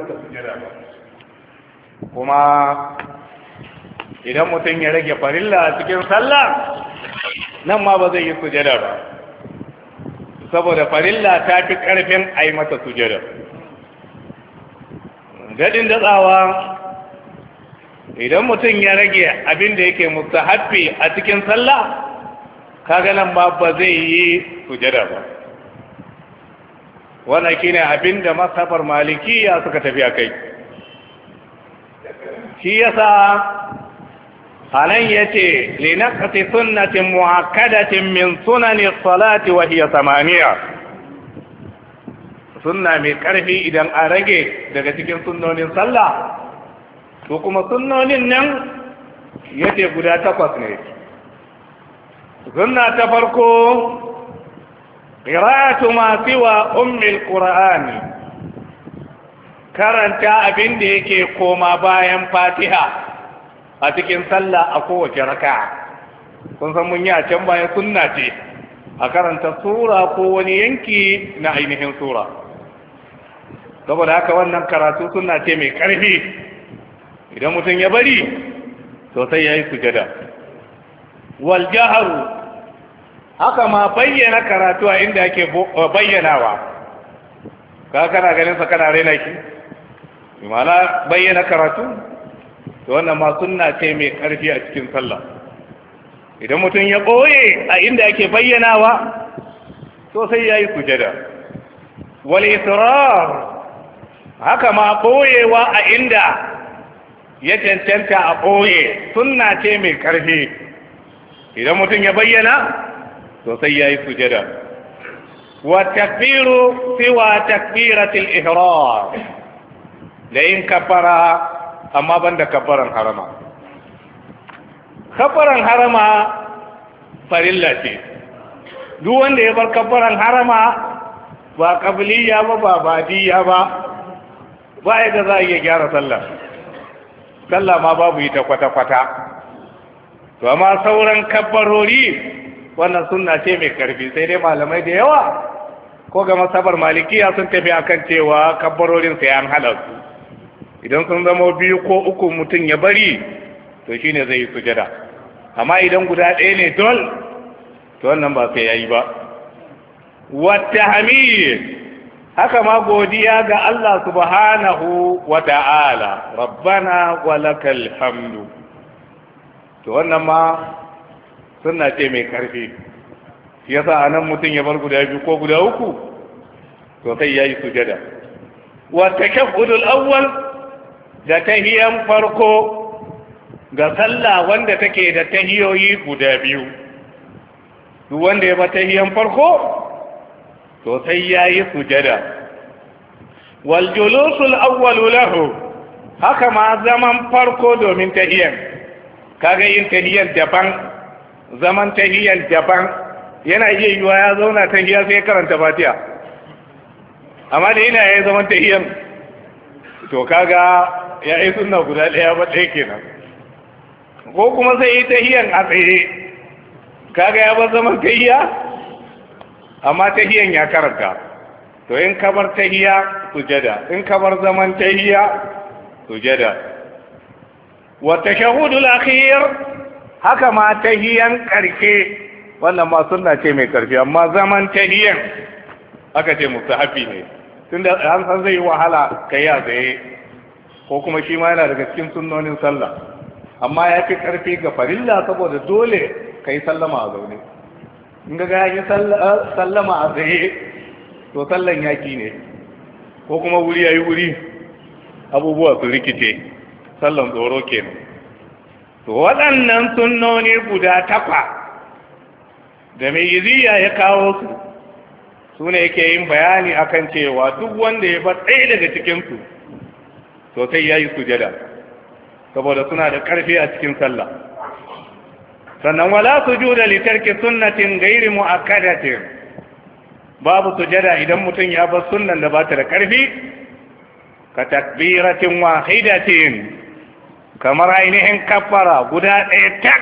mata sujada ba kuma idan mutum ya rage farilla a cikin sallah nan ma ba zai yi sujada ba saboda farilla ta fi ƙarfin a yi mata sujada daɗin datsawa idan mutum ya rage abin da yake musta a cikin sallah kaga nan ba zai yi sujada ba wannan ne abin da masafar malikiya suka tafi a kai shi yasa anan yace linaqati sunnatin muakadatin min sunani salati wa hiya samaniya sunna mai karfi idan a rage daga cikin sunnonin sallah to kuma sunnonin nan yace guda takwas ne sunna ta farko qira'atu ma siwa ummil qur'ani karanta abin da yake koma bayan fatiha a cikin sallah a kowace raka'a kun san mun yi a can bayan sunna ce a karanta sura ko wani yanki na ainihin sura saboda haka wannan karatu sunna ce mai karfi idan mutum ya bari sosai ya yi sujada wal jaharu haka ma bayyana karatu a inda ake eh, bayyanawa ka kana ganin sa kana raina shi imana bayyana karatu to wannan ma sunna ce mai karfi a cikin sallah idan mutum ya boye a inda ake bayyanawa to sai yayi kujada wal israr haka ma boyewa a inda ya cancanta a boye sunna ce mai karfi idan mutum ya bayyana to sai yi sujada wa takbiru siwa takbiratil ihram da yin kafara amma banda kafaran harama kafaran harama farilla ce duk wanda ya bar kafaran harama ba kabiliya ba ba badiya ba ba ya ga za a iya gyara sallah sallah ma babu yi ta kwata-kwata to amma sauran kabbarori wannan sunna ce mai karfi sai dai malamai da yawa ko ga masabar malikiya sun tafi akan cewa kabbarorin sai an halarsu idan sun zama biyu ko uku mutum ya bari to shi ne zai yi sujada amma idan guda ɗaya ne dol to wannan ba sai ya yi ba wata hamiyyi haka ma godiya ga Allah subhanahu wa ta'ala rabbana wa lakal hamdu to wannan ma suna ce mai karfi yasa a nan mutum ya bar guda biyu ko guda uku to sai ya yi sujada wa tashahhudul awwal da tahiyan farko ga sallah wanda take da tahiyoyi guda biyu duk wanda ya ba tahiyan farko to sai ya yi sujada wal julusul awwal lahu haka ma zaman farko domin tahiyan kaga yin tahiyan daban zaman tahiyyar daban yana iya yiwa ya zauna tahiyyar sai ya karanta fatiha amma da yana yi zaman tahiyyar to kaga ya yi suna guda ɗaya ba ɗaya kenan ko kuma sai yi tahiyyar a tsaye kaga ya bar zaman tahiyya amma tahiyyar ya karanta to in kamar su sujada in kamar zaman su sujada wata tashahhudul akhir haka ma tahiyan ƙarfe, wannan ma suna ce mai karfi amma zaman tahiyan aka ce musu hafi ne tunda an san zai yi wahala kai a tsaye ko kuma shi ma yana daga cikin sunnonin sallah amma ya fi karfi ga farilla saboda dole kai sallama a zaune in ga yi eh, sallama a tsaye to sallan yaki ne ko kuma wuri ya yi wuri abubuwa su rikice sallan tsoro kenan to waɗannan sunnoni guda takwa da mai iziya ya kawo su su ne yake yin bayani akan cewa duk wanda ya bar ɗaya daga cikinsu to ya yi sujada saboda suna da ƙarfi a cikin sallah sannan wala su ju da litarki sunnatin ghairi muakkadatin babu sujada idan mutum ya bar sunan da ba ta da ƙarfi ka takbiratin wahidatin kamar ainihin kafara guda ɗaya tak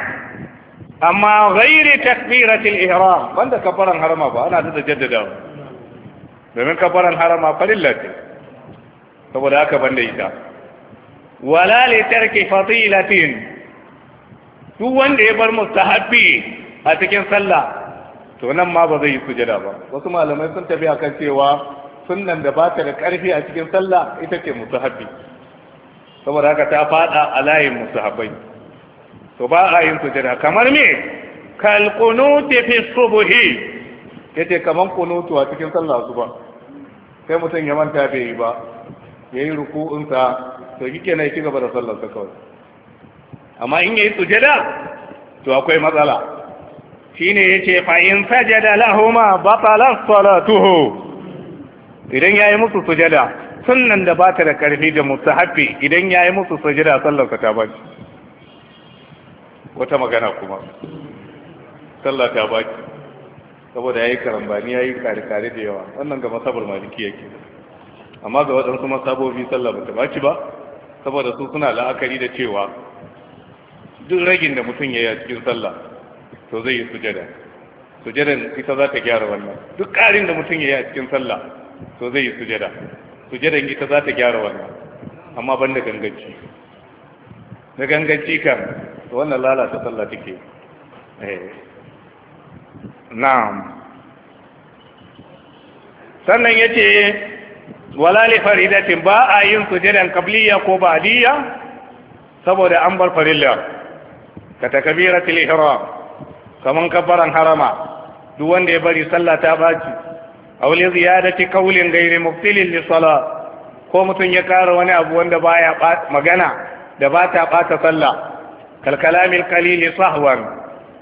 amma ghairi takbiratul ihram banda kafaran harama ba ana da jaddadawa domin kafaran harama farilla saboda haka banda ita wala li tarki fadilatin duk wanda ya bar mustahabbi a cikin sallah to nan ma ba zai yi sujada ba wasu malamai sun tafi akan cewa sunnan da ba ta da karfi a cikin sallah ita ce mustahabbi saboda haka ta fada a layin musahabai to ba a yin sujada kamar me kal qunuti fi subhi kete kaman qunutu a cikin sallah ba. sai mutum ya manta bai yi ba yayi ruku'un sa to kike ne ki gaba da sallar sa kawai amma in yayi sujada to akwai matsala shine yace fa in sajada lahumu batala salatuhu idan yayi musu sujada sunnan da ba ta da ƙarfi da musu haɓe idan ya yi musu sajida sallarsa ta baki wata magana kuma sallar ta baki saboda ya yi karambani ya yi kare-kare da yawa wannan ga masabar maliki ya ke. amma ga waɗansu masabobi sallar ba ta baki ba saboda su suna la'akari da cewa duk ragin da mutum ya yi a cikin sallah to zai yi sujada sujadan ita za ta gyara wannan duk ƙarin da mutum ya yi a cikin sallah to zai yi sujada sujadan ita za ta gyara wannan amma ban da ganganci da ganganci kan wannan lalata sallah take eh. na'am sannan yace wala li faridatin ba a yin sujadan qabliya ko ba'diya saboda an bar farilla ka takbiratul ihram kaman kabaran harama duk wanda ya bari sallah ta baci aw li ziyadati qawlin ghayri mubtilin li salat ko mutum ya kara wani abu wanda baya magana da ba ta bata sallah kal kalamil qalil sahwan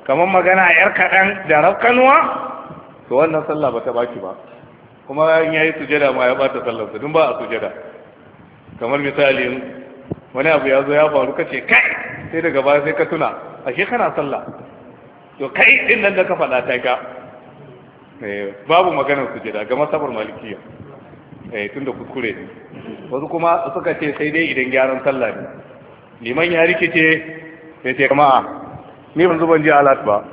kamar magana yar kadan da rafkanuwa to wannan sallah ba ta baki ba kuma in yayi sujada ma ya bata sallar sa dun ba a sujada kamar misali wani abu ya zo ya faru kace kai sai daga baya sai ka tuna ashe kana sallah to kai din nan da ka fada ta ga Eh, babu maganar sujada ga masabar malikiya eh tunda kuskure ne wasu kuma suka ce sai dai idan gyaran sallah ne liman ya rikice ya ce a ni ban zuban ji alat ba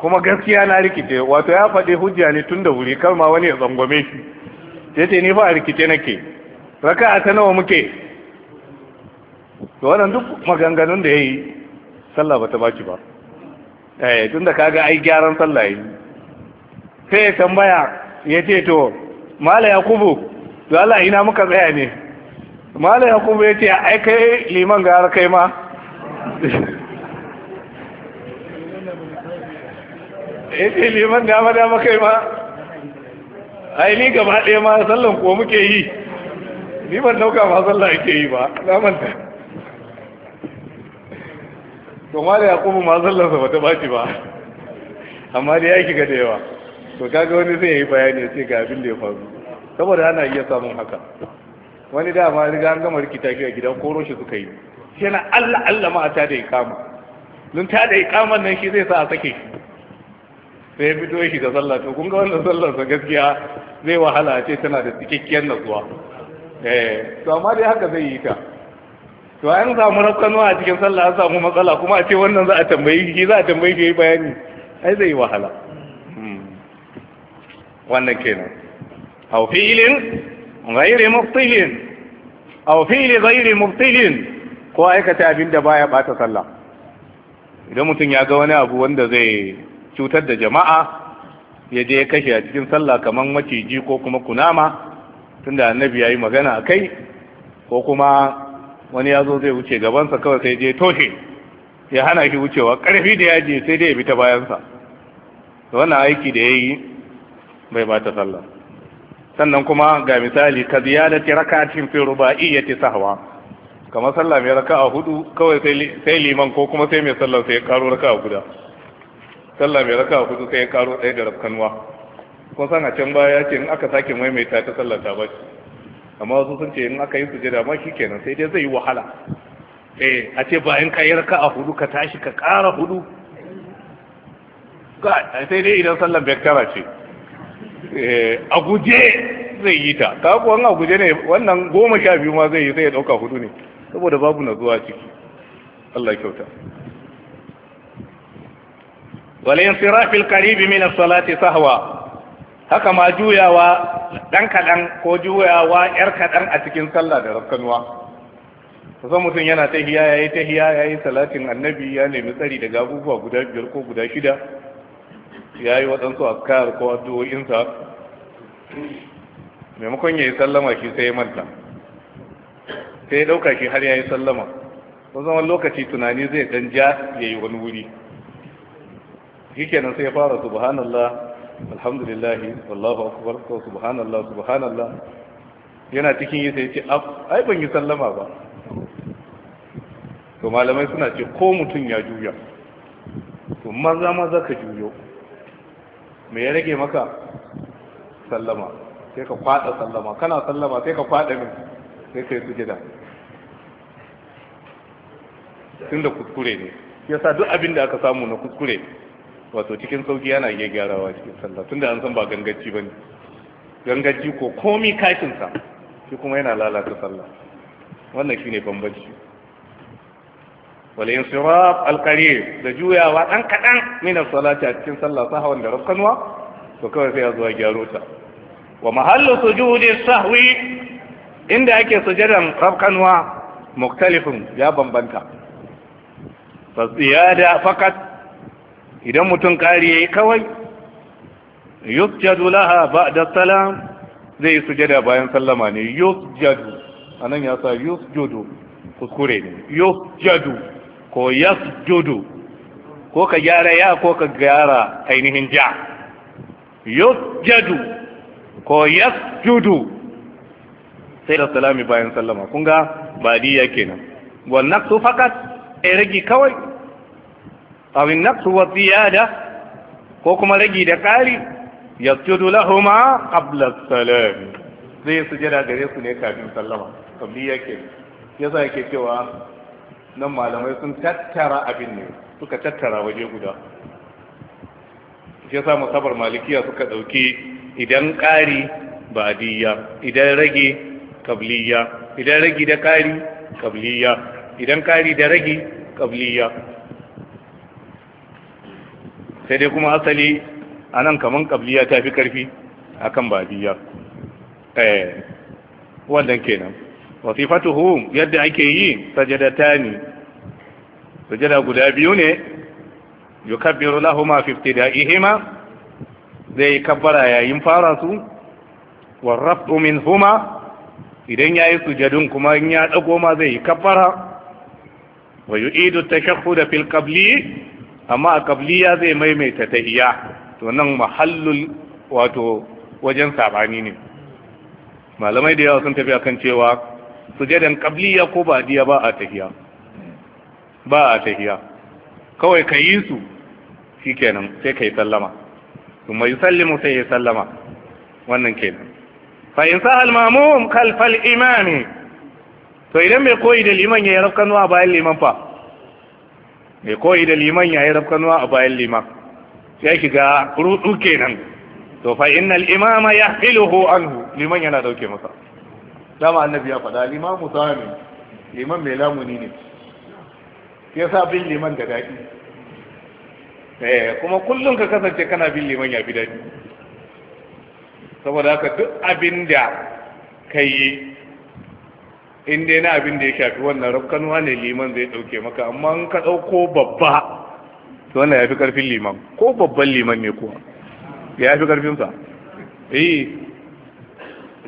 kuma gaskiya na rikice wato ya faɗi hujja ne tun da wuri kar ma wani ya tsangwame shi ya ce ni fa a rikice nake raka a ta nawa muke to wannan duk maganganun da ya yi sallah ba ta baki ba eh tun da kaga ai gyaran sallah yi sai ya tambaya ya ce to mala yakubu to Allah ina muka tsaya ne mala yakubu ya ce ai kai liman gara kai ma ya ce liman dama dama kai ma ai ni gaba ɗaya ma sallan ko muke yi ni ban dauka ma sallan ake yi ba na manta to mala yakubu ma sallan sa bata baci ba amma dai ya kiga da yawa to kaga wani zai yi bayani ya ce ga abin da ya faru saboda ana iya samun haka wani dama riga an gama rikita shi a gidan koro shi suka yi shi na Allah Allah ma ta da ikama don ta da ikaman nan shi zai sa a sake shi sai fito shi da sallah to kun ga wannan sallar sa gaskiya zai wahala ce tana da cikakkiyar natsuwa eh to amma dai haka zai yi ta to an samu rakkano a cikin sallah an samu matsala kuma a ce wannan za a tambayi shi za a tambayi shi bayani ai zai yi wahala wannan kenan aw fi'lin ghairi mubtilin aw fi'li ghairi mubtilin ko aikata abin da baya bata sallah idan mutum ya ga wani abu wanda zai cutar da jama'a ya je ya kashe a cikin sallah kamar maciji ko kuma kunama tunda annabi yayi magana a kai ko kuma wani ya zo zai wuce gabansa kawai sai je toshe ya hana shi wucewa ƙarfi da yaji sai dai ya bi ta bayansa wannan aiki da ya yi bai bata sallah sannan kuma ga misali ka ziyadati rak'atin fi ruba'iyyati sahwa kamar sallah mai raka'a hudu kawai sai liman ko kuma sai mai sallah sai ya karo raka'a guda sallah mai raka'a hudu sai ya karo ɗaya da rafkanuwa kun san a can baya ya ce in aka sake maimaita ta sallah ta bace amma wasu sun ce in aka yi sujada ma kenan, sai dai zai yi wahala eh a ce bayan ka yi raka'a hudu ka tashi ka ƙara hudu sai dai idan sallan bektara ce Eh, a guje zai yi ta ta kuwan a guje ne wannan goma sha biyu ma zai yi sai ya dauka hudu ne saboda babu na zuwa ciki Allah kyauta yin sirafil karibi min salati sahawa, haka ma juyawa dan kadan ko juyawa yar kadan a cikin sallah da rakkanuwa kusan mutum yana ta yayi tahiya yayi salatin annabi ya nemi tsari daga abubuwa guda biyar ko guda shida ya yi waɗansu askar ko addu'o'insa maimakon ya yi sallama shi sai ya manta sai ya ɗauka shi har ya yi sallama zama lokaci tunani zai dan ja ya yi wani wuri shi kenan sai ya fara subhanallah alhamdulillah wallahu akbar ko subhanallah subhanallah yana cikin yi sai ce ai ban yi sallama ba to malamai suna ce ko mutum ya juya to maza maza ka juyo me ya rage maka sallama sai ka kwada sallama kana sallama sai ka kwada min sai ka yi gida tun da kuskure ne yasa duk abin da aka samu na kuskure wato cikin sauki yana iya gyarawa cikin sallah tun da an san ba gangaci ba ne gangaci ko komi kashinsa shi kuma yana lalata sallah wannan shine bambanci Wala insiraf al da juyawa dan kadan min salati a cikin sallah sahwan da rafkanwa to kawai sai ya zuwa gyaro ta wa mahallu sujudi sahwi inda ake sujadan rafkanwa muktalifin ya bambanta fa ziyada fakat idan mutum kari yayi kawai yusjadu laha ba'da salam zai sujada bayan sallama ne yusjadu anan ya sa yusjudu kuskure ne yusjadu ko Judu ko ka gyara ya ko ka gyara ainihin ja yusjadu ko yasjudu sai da salami bayan sallama kun ga ya kenan wal naqsu faqat ay ragi kawai aw in naqsu wa ziyada ko kuma ragi da ƙari yasjudu lahuma qabla salam su jira gare su ne kafin sallama tabliya kenan yasa yake cewa nan malamai sun tattara abin ne suka tattara waje guda shi sa musabar malikiya suka dauki idan ƙari ba'diyya idan rage kabliya idan rage da ƙari kabliya idan ƙari da rage kabliya sai dai kuma asali a nan kamar kabliya ta fi karfi kan ba'diyya eh wannan kenan wasifatuhu yadda ake yi ni. sajada guda biyu ne yukabbiru lahuma fi ibtidaihima zai kabbara yayin fara su min huma. idan yayi sujadun kuma in ya dago ma zai yi kabbara wa yu'idu tashahhud fil qabli amma a qabliya zai maimaita ta iya. to nan mahallul wato wajen sabani ne malamai da yawa sun tafi akan cewa sujadan qabliya ko ba'diya ba a tahiya ba a tahiya kawai ka yi su shikenan sai kai sallama kuma yusallimu sai ya sallama wannan kenan fa in al ma'mum al imami to idan mai koyi da liman ya yi rafkanuwa a bayan liman fa Mai koyi da liman ya yi rafkanuwa a bayan liman ki shiga rudu kenan to fa innal imama yahfiluhu anhu liman yana dauke masa dama annabi ya faɗa limamu sami liman mai lamuni ne ya sa bin liman da daɗi eh, kuma kullum ka kasance kana bin liman ya fi daɗi saboda haka duk abin da ka yi in dai na abin da ya shafi wannan rafkanuwa ne liman zai ɗauke maka amma in ka ɗauko babba to wannan ya fi ƙarfin liman ko babban liman ne kuwa ya fi ƙarfinsa eh,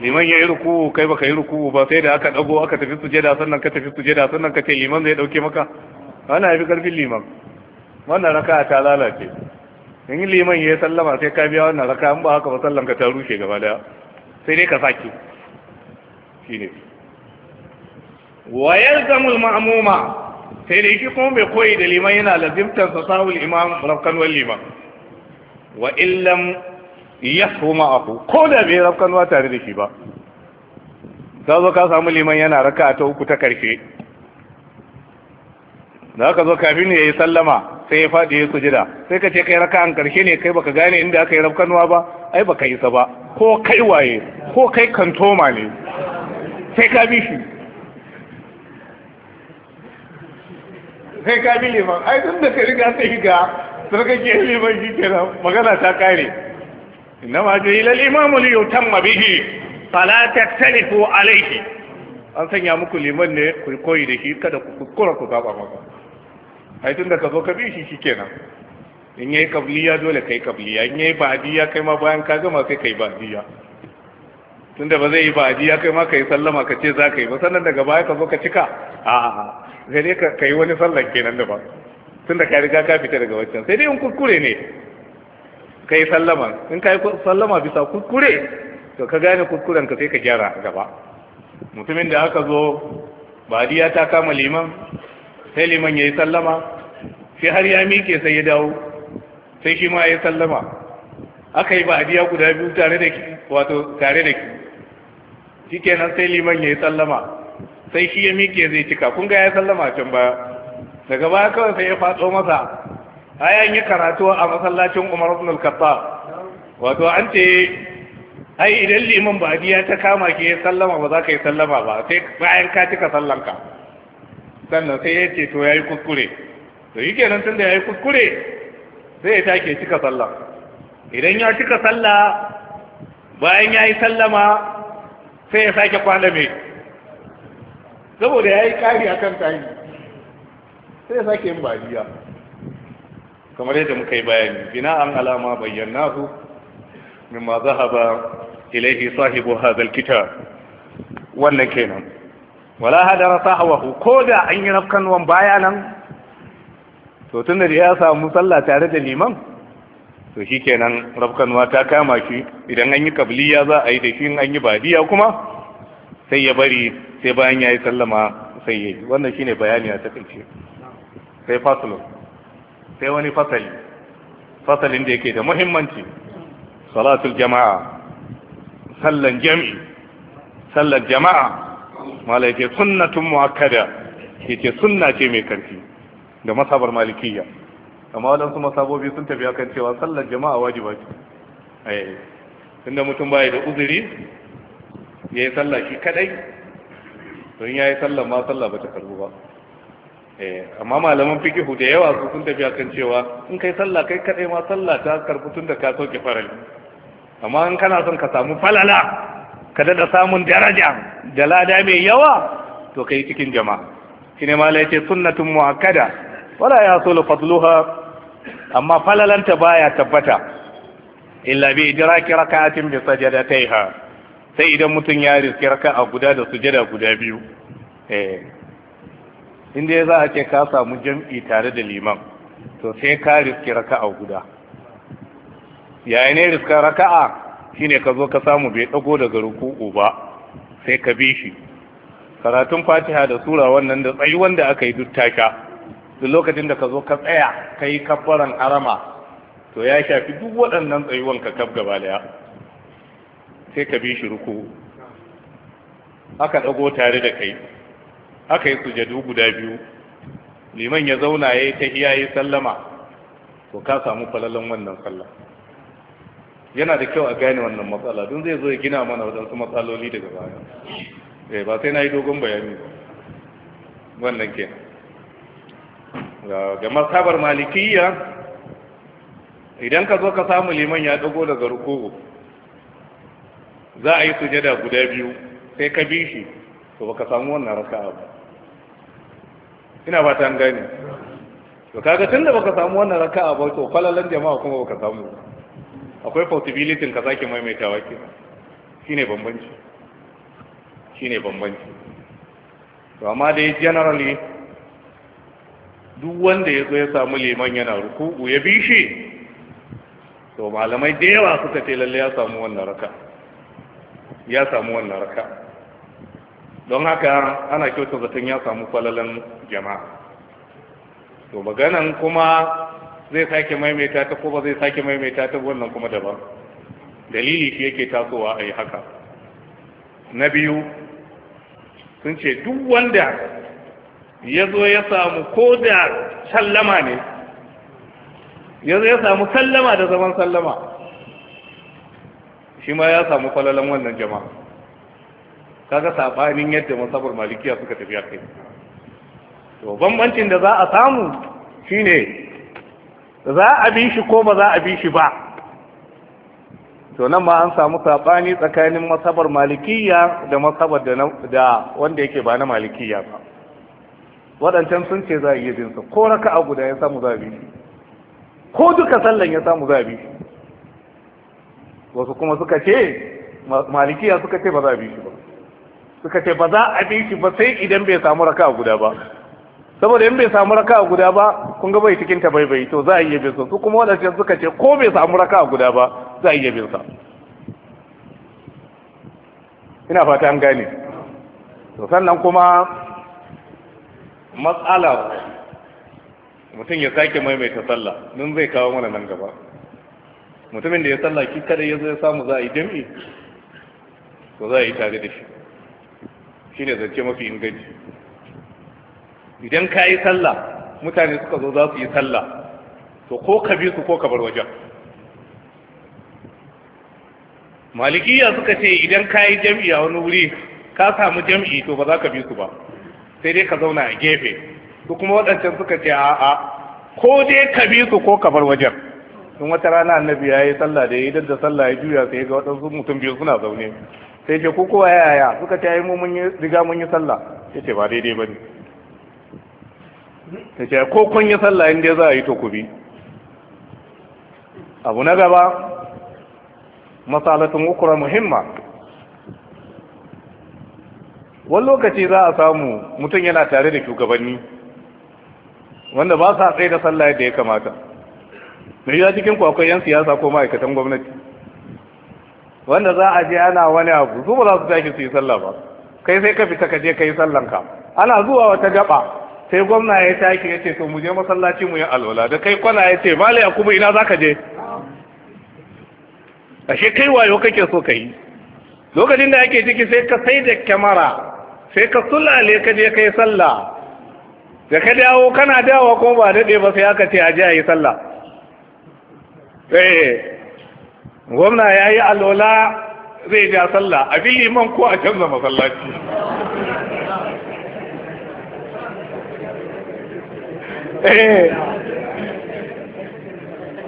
liman ya yi ruku'u kai baka yi ruku'u ba sai da aka dago aka tafi sujada sannan ka tafi sujada sannan ka ce liman zai dauke maka wannan yafi karfin liman wannan raka'a ta lalace in liman ya sallama sai ka biya wannan raka in ba haka ba sallan ka ta rushe gaba daya sai dai ka sake shine Wayar gamul ma'amuma. sai da yake kuma bai koyi da liman yana lazimtar sa sahul imam rafkan wal liman wa illam ma ma'ahu ko da bai rafkanuwa tare da shi ba ka zo ka samu liman yana raka ta uku ta karfe da aka zo kafin ya yi sallama sai ya faɗi ya su jida sai ka ce kai raka an karshe ne kai baka gane inda aka yi rafkanuwa ba ai baka sa ba ko kai waye ko kai kantoma ne sai ka bi shi sai ka bi liman ai tun da ka riga sai ga sarkake liman shi kenan magana ta kare innama ju'ila al-imamu li yutamma bihi fala taktalifu alayhi an sanya muku liman ne ku koyi da shi kada ku kuskura ku saba maka. ai tunda ka zo ka bi shi shikenan in yayi kabliya dole kai kabliya in yayi ba'diya kai ma bayan ka gama sai kai ba'diya tunda ba zai yi ba'diya kai ma kai sallama ka ce za ka yi ba sannan daga baya ka zo ka cika a'a sai dai ka yi wani sallan kenan da ba tunda ka riga ka fita daga waccan sai dai in kurkure ne kai sallama in kai sallama bisa kuskure to ka gane kuskuren ka sai ka gyara gaba mutumin da aka zo badiya ta kama liman sai liman ya yi sallama sai har ya miƙe sai ya dawo sai shi ma ya yi sallama aka yi badiya guda biyu tare da ki wato tare da ki Shi kenan sai liman ya yi sallama sai shi ya miƙe zai cika kun ga ya sallama can baya daga baya kawai sai ya faɗo masa ayan yi karatu a masallacin Umar ibn al-Khattab wato an ce ai idan liman badiya ta kama ke sallama ba za ka yi sallama ba sai bayan ka cika sallanka sannan sai ya ce to yayi kuskure to yi kenan tunda yayi kuskure sai ya take cika sallah idan ya cika sallah bayan yayi sallama sai ya sake kwana mai saboda ya yi ƙari tayi sai ya sake yin badiya. kamar yadda muka yi bayani bina an alama bayyana bayyanahu mimma zahaba ilaihi sahibu hadal kitab wannan kenan wala hadara sahwahu ko da an yi rafkanwan baya nan to tunda ya samu sallah tare da liman to shikenan rafkanwa ta kama shi idan an yi kabliya za a yi da shi an yi badiya kuma sai ya bari sai bayan ya yi sallama sai ya yi wannan shine bayani a takaice sai fasulun sai wani fasali fasalin da yake da muhimmanci salatul jama'a sallan jami'i sallan jama'a malai ce sunnatun muakkada yace sunna ce mai karfi da masabar malikiyya amma waɗansu masabobi sun tafi akan cewa sallan jama'a wajiba ce tunda eh, mutum baya da uzuri ya yi sallah shi kadai don ya yi sallan, ma sallah ba ta karbu ba Eh, amma malaman fikihu da yawa su sun tafi akan cewa in kai sallah kai kadai ma sallah ta karbu tun da ka soke farali amma in kana son ka samu falala ka dada samun daraja da lada mai yawa to kai cikin jama'a shine malai ce sunnatun muakkada wala yasulu fadluha amma falalanta baya tabbata illa bi idraki rak'atin bi sajadataiha sai idan mutun ya riski raka'a guda da sujada guda biyu eh inda ya za a ce ka samu jam'i tare da liman to sai ka riski raka'a guda yayi ne riska raka'a ne ka zo ka samu bai dago daga ruku'u ba sai ka bi shi karatun fatiha da sura wannan da tsayi wanda aka yi duk tasha duk lokacin da ka zo ka tsaya ka yi kabbaran arama, to ya shafi duk waɗannan tsayuwan ka kaf gaba daya sai ka bi shi ruku'u aka dago tare da kai aka yi sujadu guda biyu liman ya zauna ya yi ta hiyaye sallama to ka samu falalan wannan sallah yana da kyau a gane wannan matsala don zai zo ya gina mana waɗansu matsaloli daga baya eh, ba sai na yi dogon bayani ba wannan ke ga masabar malikiyya idan ka zo ka samu liman ya dago daga rukuku za a yi sujada guda biyu sai ka bi shi to baka samu wannan raka'a ba ina fata an gane to kaga tunda baka samu wannan raka'a ba to falalan jama'a kuma baka samu akwai possibility ka mai maimaitawa kenan shine bambanci shine bambanci to amma dai generally duk wanda ya zo ya samu liman yana ruku'u ya bi shi to malamai da yawa suka ce lalle ya samu wannan raka. ya samu wannan raka'a don haka ana kyauta zaton ya samu falalan jama'a to maganan kuma zai sake maimaita ta ko ba zai sake maimaita ta wannan kuma daban dalili shi yake tasowa a yi haka na biyu sun ce duk wanda ya zo ya samu ko da sallama ne ya zo ya samu sallama da zaman sallama shi ma ya samu falalan wannan jama'a kaga sabanin yadda masabar malikiya suka tafi a kai to bambancin da za a samu shine za a bi shi ko ba za a bi shi ba to nan ma an samu sabani tsakanin masabar malikiya da masabar da wanda yake ba na malikiya ba waɗancan sun ce za a yi jinsa ko raka a guda ya samu za a bi ko duka sallan ya samu za a bi wasu kuma suka ce malikiya suka ce ba za a bi shi ba suka ce ba za a bi shi ba sai idan bai samu raka guda ba saboda in bai samu raka guda ba kun ga bai cikin ta baibai to za a iya bin sa su kuma wadannan suka ce ko bai samu raka guda ba za a iya bin sa ina fata an gane to sannan kuma matsala mutum ya sake maimaita sallah mun zai kawo mana nan gaba mutumin da ya sallah ki kada ya zai samu za a yi jami'i to za a yi tare da shi shine zance mafi inganci idan ka yi sallah mutane suka zo za su yi sallah to ko ka bi su ko ka bar wajen malikiya suka ce idan ka yi jam'i a wani wuri ka samu jam'i to ba za ka bi su ba sai dai ka zauna a gefe su kuma waɗancan suka ce a'a ko dai ka bi su ko ka bar wajen in wata rana annabi ya yi sallah da ya yi da sallah ya juya sai ga waɗansu mutum biyu suna zaune sai ce ku kowa yaya suka ta ai mun yi riga mun yi sallah sai ce ba daidai ba ne sai ce ko kun yi sallah inda za a yi to ku bi abu na gaba masalatun ukura muhimma wani lokaci za a samu mutum yana tare da shugabanni wanda ba sa tsaye da sallah yadda ya kamata mai ya cikin akwai 'yan siyasa ko ma'aikatan gwamnati wanda za a je ana wani abu su ba za su tashi su yi sallah ba kai sai ka fita ka je ka yi sallanka ka ana zuwa wata gaba sai gwamna ya tashi ya ce to mu je masallaci mu yi alwala da kai kwana ya ce mali a kuma ina za ka je shi kai wayo kake so ka yi lokacin da ake ciki sai ka sai da kyamara sai ka sulale ka je ka yi sallah da ka dawo kana dawo kuma ba daɗe ba sai aka ce a je a yi sallah eh gwamna ya yi alola zai ja sallah a bin liman ko a canza masallaci eh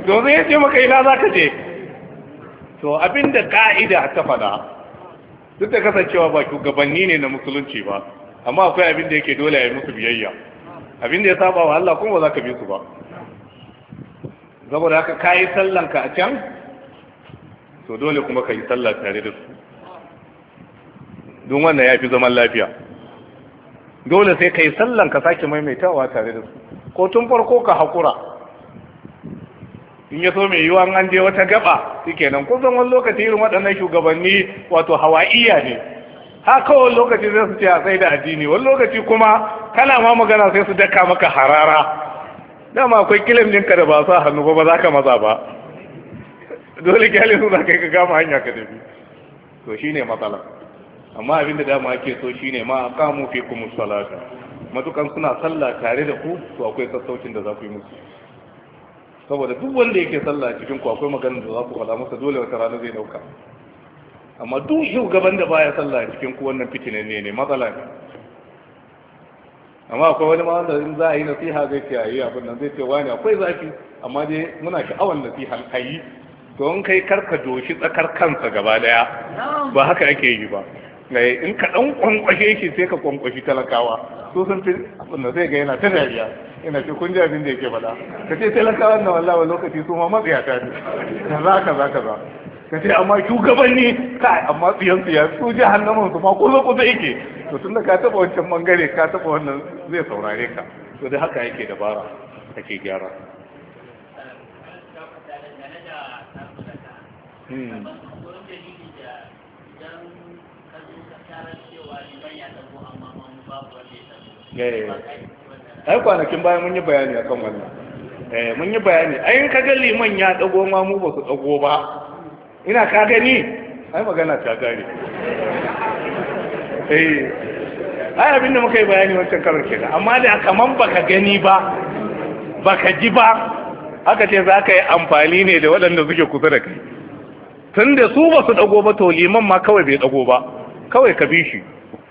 domin ya ce maka ina za ka je to abinda ka'ida ta fada duk da kasancewa ba shugabanni ne na musulunci ba amma akwai abinda yake dole ya yi musu biyayya abinda ya saba wa Allah kuma za ka bi su ba saboda haka kayi sallanka a can to dole kuma ka yi sallah tare da su don wannan ya fi zaman lafiya dole sai ka yi sallan ka sake maimaitawa tare da su ko tun farko ka haƙura in ya so mai yiwuwa an je wata gaba suke nan. Kusan wani lokaci irin waɗannan shugabanni wato hawa'iya ne ha kawai lokaci zai su ce a sai da addini wani lokaci kuma kana ma magana sai su daka maka harara dama akwai kilim ɗinka da ba sa hannu ba ba za ka maza ba dole kyale su za kai ka gama hanya ka tafi to shine matsala amma abin da dama ake so shine ma fi kuma salata matukan suna sallah tare da ku to akwai sassaucin da za ku yi musu saboda duk wanda yake sallah cikin ku akwai magana da za ku faɗa masa dole wata rana zai dauka amma duk yau gaban da baya sallah cikin ku wannan fitinan ne ne matsala ne amma akwai wani ma wanda in za a yi nasiha zai ce a yi abin nan zai ce wani akwai zafi amma dai muna sha'awar nasiha a yi to in kai karka doshi tsakar kansa gaba daya ba haka ake yi ba in ka dan kwankwashe shi sai ka kwankwashi talakawa so sun fi abin da zai ga yana ta dariya ina ce kun ji abin da yake faɗa ka ce talakawan na wallawa lokaci su ma ta ne ka za ka za ka za ka ce amma shugabanni kai amma tsiyan tsiya su ji hannun su ma kuzo kuzo yake to tun da ka taba wancan bangare ka taba wannan zai saurare ka to dai haka yake dabara kake gyara ai kwanakin bayan mun yi bayani akan wannan eh mun yi bayani ai in ga liman ya dago ma mu ba su dago ba ina ka gani ai magana ta gare eh ai abin da muka yi bayani wancan karar kenan amma da kaman baka gani ba baka ji ba aka ce za ka yi amfani ne da waɗanda suke kusa da kai tun da su ba su dago ba to liman ma kawai bai dago ba kawai ka bi shi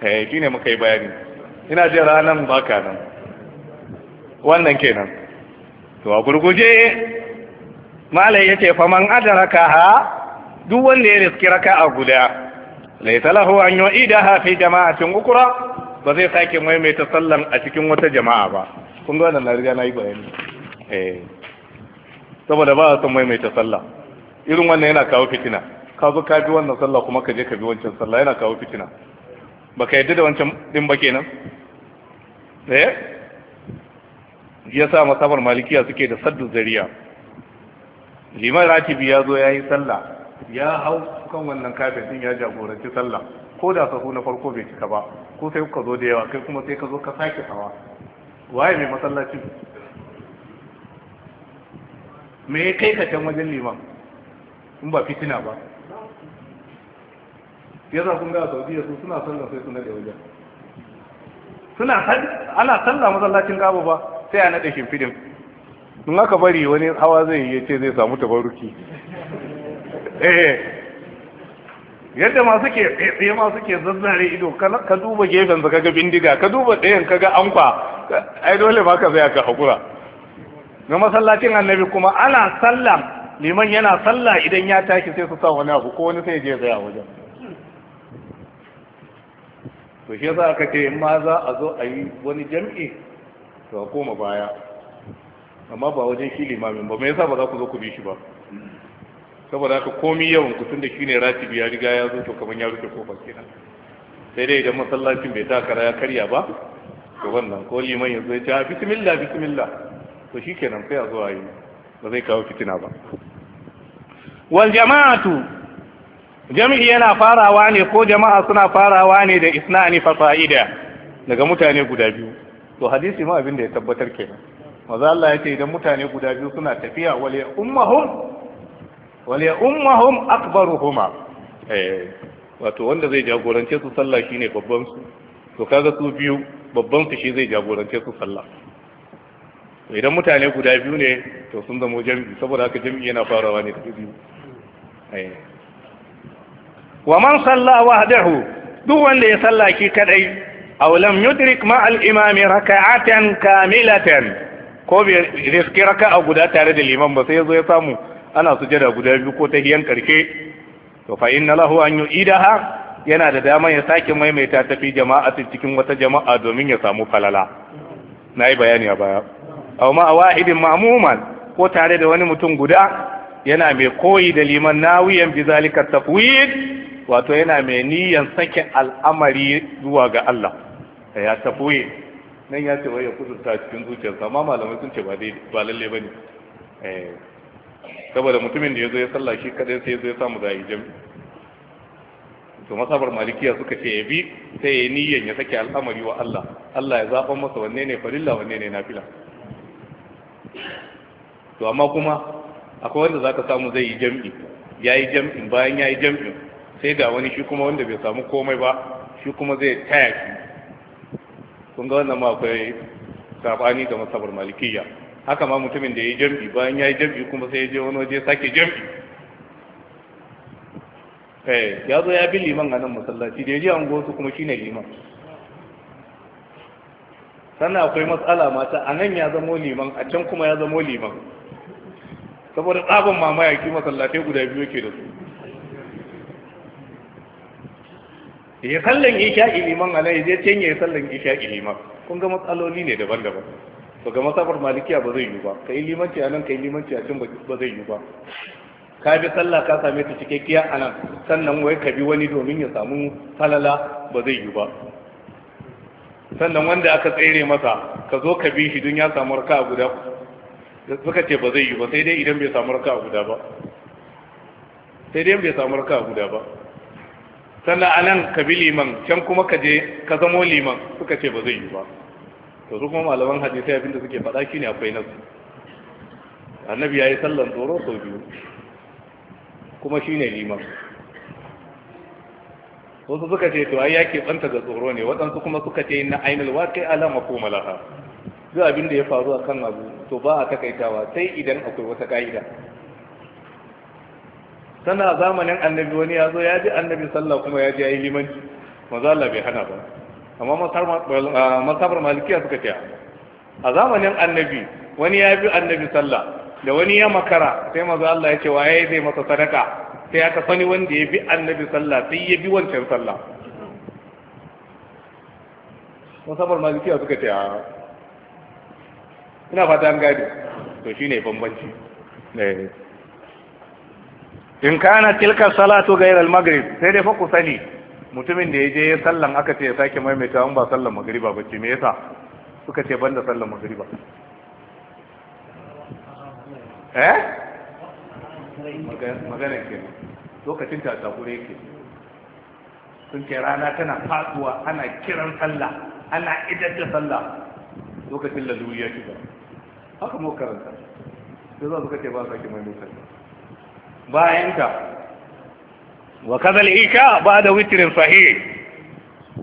eh, shi ne muka yi bayani ina jin ranar baka nan wannan kenan to a gurguje malai ya ce faman adaraka ha duk wanda ya riski raka a guda laita lahu an yi fi jama'a jama'atin ukura ba zai sake maimaita sallan a cikin wata jama'a ba kun ga wannan na riga na yi bayani Eh saboda ba a son maimaita sallah irin wannan yana kawo fitina ka zo ka bi wannan sallah kuma ka je ka bi wancan sallah yana kawo fitina Ba ka yadda da wancan din ba kenan eh yasa masabar malikiya suke da saddu zariya liman ratibi ya zo ya yi sallah ya hau kan wannan kafin din ya jagoranci sallah ko da sahu na farko bai cika ba ko sai kuka zo da yawa kai kuma sai ka zo ka sake hawa waye mai masallaci me kai ka can wajen liman in ba fitina ba ya za kun ga saudiya su suna sallah sai su nade wajen suna ana sallah masallacin gaba ba sai a nade shimfidin in aka bari wani hawa zai yi ce zai samu tabaruki eh yadda masu ke tsaye eh, masu ke zazzare ido ka duba gefen ka ga bindiga ka duba ɗayan ka ga ankwa ai dole ma ka zai ka hakura na masallacin annabi kuma ana sallan. liman yana sallah idan ya tashi sai su sa wani abu ko wani sai je zaya wajen to shi za aka ce in ma za a zo a yi wani jam'i to a koma baya amma ba wajen shi limamin ba me yasa ba za ku zo ku bi shi ba saboda haka komi yawan ku shi ne ratibi ya riga ya zo to kamar ya rufe kofar kenan sai dai idan masallacin bai takara ya karya ba to wannan ko liman yanzu ya ce bismillah bismillah to shikenan sai a zo a yi ba zai kawo fitina ba wal jama'atu jami'i yana farawa ne ko jama'a suna farawa ne da isna'ani fa'ida daga mutane guda biyu to hadisi ma abin da ya tabbatar kenan maza Allah ya ce idan mutane guda biyu suna tafiya wal ummahum wal ya ummahum akbaruhuma eh wato wanda zai jagorance su sallah shine babban su to kaga su biyu babban su shi zai jagorance su sallah idan mutane guda biyu ne to sun zama jami'i saboda haka jami'i yana farawa ne da biyu eh. wa man salla wahdahu duk wanda ya salla ki kadai aw lam yudrik ma al imam raka'atan kamilatan ko bi riski raka'a guda tare da liman ba sai yazo ya samu ana sujada guda biyu ko ta hiyan karke to fa inna lahu an yu'idaha yana da dama ya sake maimaita tafi jama'a cikin wata jama'a domin ya samu falala nayi bayani a baya aw ma wahidin ma'muman ko tare da wani mutum guda yana mai koyi da liman nawiyan bi zalika tafwid wato yana mai niyan sakin al'amari zuwa ga Allah ya tafwid nan ya ce wai ya ta cikin zuciyarsa amma malamai sun ce ba dai ba lalle bane eh saboda mutumin da ya zo ya salla shi kadai sai ya zo ya samu zai jami to masabar malikiya suka ce ya bi sai ya niyan ya sake al'amari wa Allah Allah ya zaba masa wanne ne farilla wanne ne nafila to amma kuma akwai wanda zaka samu zai yi jam'i yayi jam'in bayan yayi jam'in sai ga wani shi kuma wanda bai samu komai ba shi kuma zai taya shi kun ga wannan ma akwai sabani ga masabar malikiyya haka ma mutumin da yayi jam'i bayan yayi jam'i kuma sai ya je wani waje sake jam'i eh ya zo ya bi liman a nan masallaci da ya je an gosu kuma shine liman sannan akwai matsala mata a nan ya zamo liman a can kuma ya zamo liman saboda tsabin mamaya ki masallatai guda biyu ke da su ya sallan isha iliman a nan ya canye ya sallan isha iliman kun ga matsaloli ne daban-daban ba ga masabar malikiya ba zai yi ba ka yi limanci a nan ka yi limanci a can ba zai yi ba ka bi sallah ka same ta cikakkiya a nan sannan wai ka bi wani domin ya samu falala ba zai yi ba sannan wanda aka tsere masa ka zo ka bi shi don ya samu raka guda suka ce ba zai yi ba sai dai idan bai samu raka guda ba sai dai bai samu raka guda ba sannan anan ka bi liman can kuma ka je ka zamo liman suka ce ba zai yi ba to su kuma malaman hadisai abinda suke faɗa shine akwai nasu annabi ya yi sallan tsoro sau biyu kuma shine liman wasu suka ce to ai yake tsanta ga tsoro ne waɗansu kuma suka ce na ainihin kai alama ko malaha duk abin da ya faru a kan abu to ba a takaitawa sai idan akwai wata ka'ida tana zamanin annabi wani ya zo ya ji annabi sallah kuma ya ji ya yi limanci maza Allah bai hana ba amma eh, masabar malikiya suka ce a zamanin annabi wani ya bi annabi sallah da wani ya makara sai maza Allah ya ce wa ya zai masa sadaka sai aka sani wanda ya bi annabi sallah sai ya bi wancan sallah masabar malikiya suka ce a ina fata an gane to shine bambanci eh. in kana tilka salatu ghayra al-maghrib sai dai fa ku sani mutumin da yaje ya sallan aka ce ya sake maimaita an ba sallan ba bace me yasa suka ce banda sallan magriba eh magana ke lokacin ta takure ke sun ce rana tana faduwa ana kiran sallah ana idar da sallah lokacin lalluri ya shiga haka mu karanta sai za su kace ba sake mai mutar bayan wa kadal isha ba da witirin sahih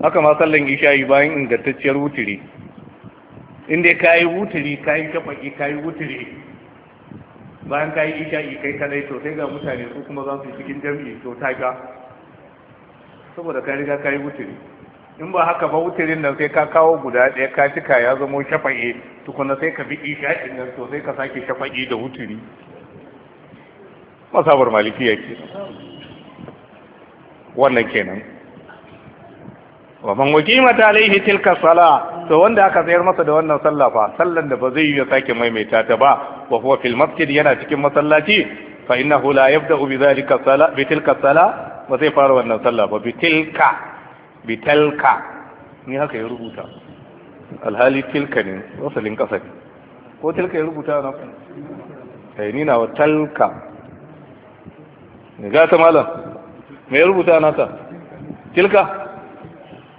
haka ma sallan isha yi bayan ingantacciyar wutiri inda ka yi wutiri ka yi shafaki ka yi wutiri bayan ka yi isha yi kai kadai to sai ga mutane su kuma za su cikin jami'i to ta ga saboda ka riga ka yi wutiri in ba haka ba wutarin nan sai ka kawo guda ɗaya ka cika ya zamo shafa'i tukuna sai ka bi isha'in nan to sai ka sake shafa'i da wuturi masabar ya ke wannan kenan wa man wakima ta alaihi tilka sala to wanda aka tsayar masa da wannan sallah fa sallan da ba zai yi sake maimaita ta ba wa huwa fil masjid yana cikin masallaci fa innahu la yabda'u bi zalika sala bi tilka sala ba zai fara wannan sallah ba bi tilka bitalka ni haka ya rubuta alhali tilka ne wasalin kasa ne ko tilka ya rubuta na kai eh, ni na wa talka ga ta malam me ya rubuta na ta tilka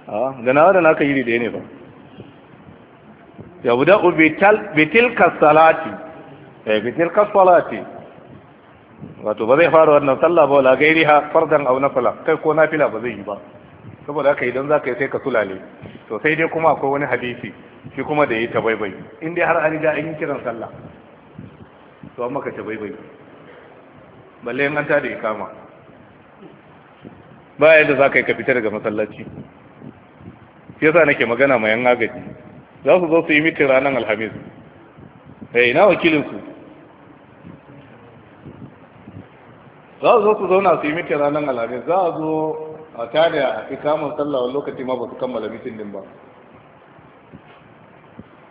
ah, a da nawa da naka yiri da ne ba ya buda bitilka salati eh bitilka salati wato ba zai fara wannan sallah ba wala gairiha fardan aw nafila kai ko nafila ba zai yi ba saboda haka idan za ka yi sai ka sulale to sai dai kuma akwai wani hadisi shi kuma da yi ta baibai in dai har an riga an yi kiran sallah to amma ka ta baibai balle in an ta da ikama ba yadda za ka yi ka fita daga masallaci shi yasa nake magana ma yan agaji za su zo su yi mitin ranar alhamis eh ina wakilinsu za su zo su zauna su yi mitin ranar alhamis za a zo mata da ikamun sallah wani lokaci ma ba su kammala mitin din ba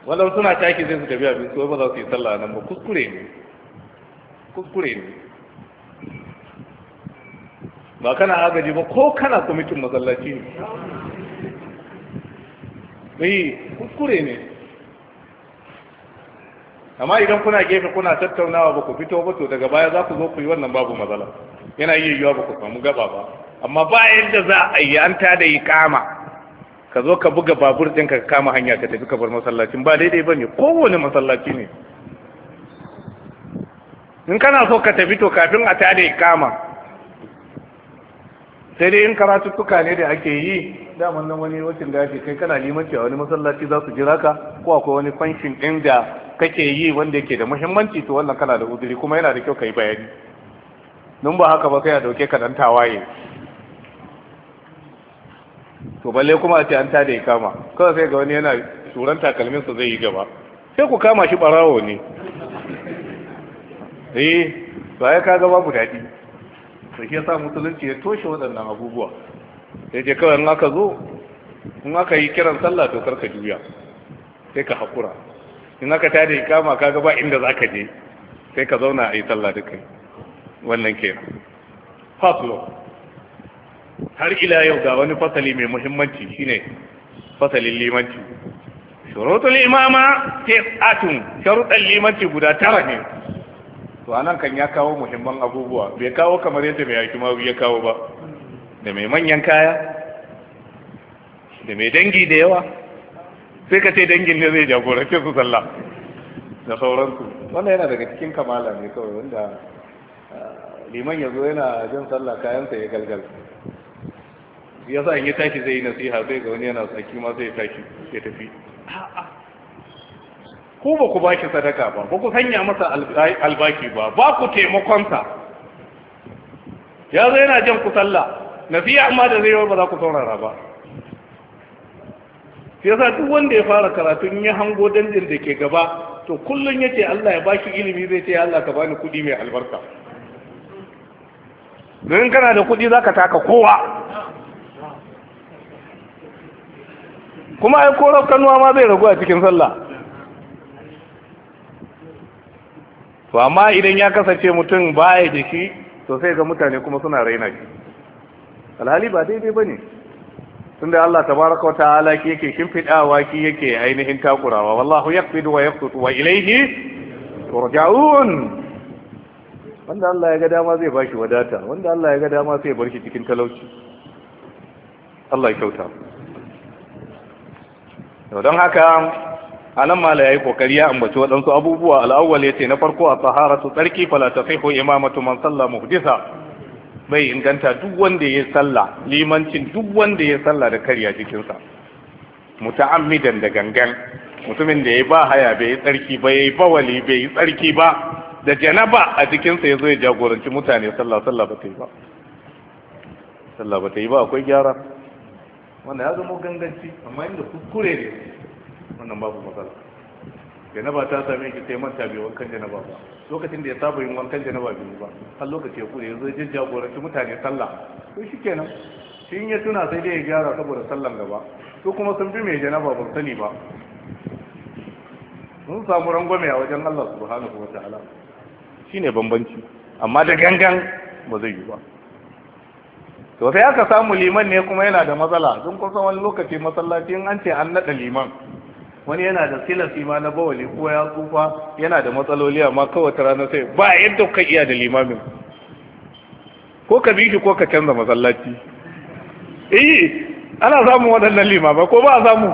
walau suna taki zai su tafi abin wani ba za su yi sallah nan ba kuskure ne kuskure ne ba kana agaji ba ko kana kwamitin masallaci ne mai kuskure ne amma idan kuna gefe kuna tattaunawa ba ku fito ba to daga baya za ku zo ku yi wannan babu matsala yana iya yiwuwa ba ku samu gaba ba amma ba yadda za a yi an da yi kama ka zo ka buga babur ɗinka ka kama hanya ka tafi kabar masallacin ba daidai ba ne kowane masallaci ne in kana so ka tafi to kafin a da yi kama sai dai in karatuttuka ne da ake yi daman nan wani wacin gashi kai kana limanci a wani masallaci za su jira ka ko akwai wani fanshin ɗin da kake yi wanda yake da muhimmanci to wannan kana da uzuri kuma yana da kyau ka yi bayani don ba haka ba sai a dauke ka dan tawaye to balle kuma a ce an tada ya kama kawai sai ga wani yana turan takalminsa zai yi gaba sai ku kama shi barawo ne eh ba ya kaga babu daɗi to shi yasa musulunci ya toshe waɗannan abubuwa sai ce kawai in aka zo in aka yi kiran sallah to karka juya sai ka hakura in aka tada ya kama kaga ba inda za ka je sai ka zauna a yi sallah duka wannan kenan faslo har ila yau ga wani fasali mai muhimmanci shine fasalin limanci shurutul imama atun sharuɗan limanci guda tara ne to anan kan ya kawo muhimman abubuwa bai kawo kamar yadda mai yaki ma ya kawo ba da mai manyan kaya da mai dangi da yawa sai ka ce dangin ne zai jagorance su sallah da sauransu wannan yana daga cikin kamala ne kawai wanda ah, liman ya zo yana jin sallah kayansa ya galgal ya sa yi tashi zai yi nasiha zai ga wani yana tsaki ma zai tashi ya tafi ko ba ku bashi sadaka ba ba ku sanya masa albaki ba ba ku taimakonsa ya zai yana jan ku sallah nasiha amma da zai yi ba za ku saurara ba sai yasa duk wanda ya fara karatun ya hango dandin da ke gaba to kullum ya ce Allah ya baki ilimi zai ce Allah ka bani kuɗi mai albarka don kana da kuɗi za ka taka kowa kuma ai korar kanuwa ma zai ragu a cikin sallah to amma idan ya kasance mutum baya da shi to sai ga mutane kuma suna raina shi alhali ba daidai bane da Allah tabaraka wa ta'ala ki yake shimfidawa ki yake ainihin takurawa wallahu yaqbidu wa yaqtu wa ilayhi turja'un wanda Allah ya ga dama zai bashi wadata wanda Allah ya ga dama sai ya bar shi cikin talauci Allah ya kyauta to don haka anan mala yayi kokari ya ambaci waɗansu abubuwa al'awwal yace na farko a su tsarki fala tasihu imamatu man salla muhdisa bai inganta duk wanda ya salla limancin duk wanda ya salla da karya jikinsa muta'ammidan da gangan mutumin da ya ba haya bai yi tsarki ba yayi bawali bai yi tsarki ba da janaba a jikinsa yazo ya jagoranci mutane sallah sallah ba ta yi ba sallah ba ta yi ba akwai gyara wanda ya zama ganganci amma inda kuskure ne wannan babu matsala janaba ta same ki sai manta bai wankan janaba ba lokacin da ya saba yin wankan janaba bai ba har lokaci ya kure yanzu ya jagoranci mutane sallah to kenan shi ya tuna sai dai ya gyara saboda sallan gaba to kuma sun fi mai janaba ban sani ba sun samu rangwame a wajen Allah subhanahu wa ta'ala shine bambanci amma da gangan ba zai yi ba to sai aka samu liman ne kuma yana da matsala don kusan wani lokaci masallaci in an ce an naɗa liman wani yana da silas ma na bawali kuwa ya tsufa yana da matsaloli amma kawai ta rana sai ba yadda ka iya da limamin ko ka bi shi ko ka canza masallaci eh ana samun waɗannan limamai ko ba a samu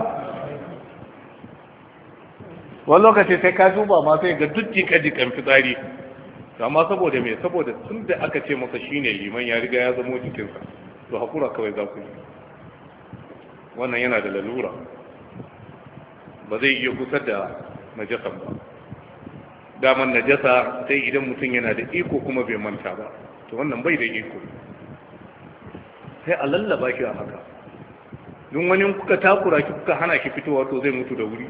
wani lokaci sai ka duba ma sai ga duk jika jikan fitsari to amma saboda me saboda tun da aka ce masa shine liman ya riga ya zamo jikinsa to hakura kawai za ku yi wannan yana da lalura ba zai iya kusa da najasa ba daman najasa sai idan mutum yana da iko kuma bai manta ba to wannan bai da iko sai a lallaba shi a haka don wani kuka takura shi kuka hana shi fitowa to zai mutu da wuri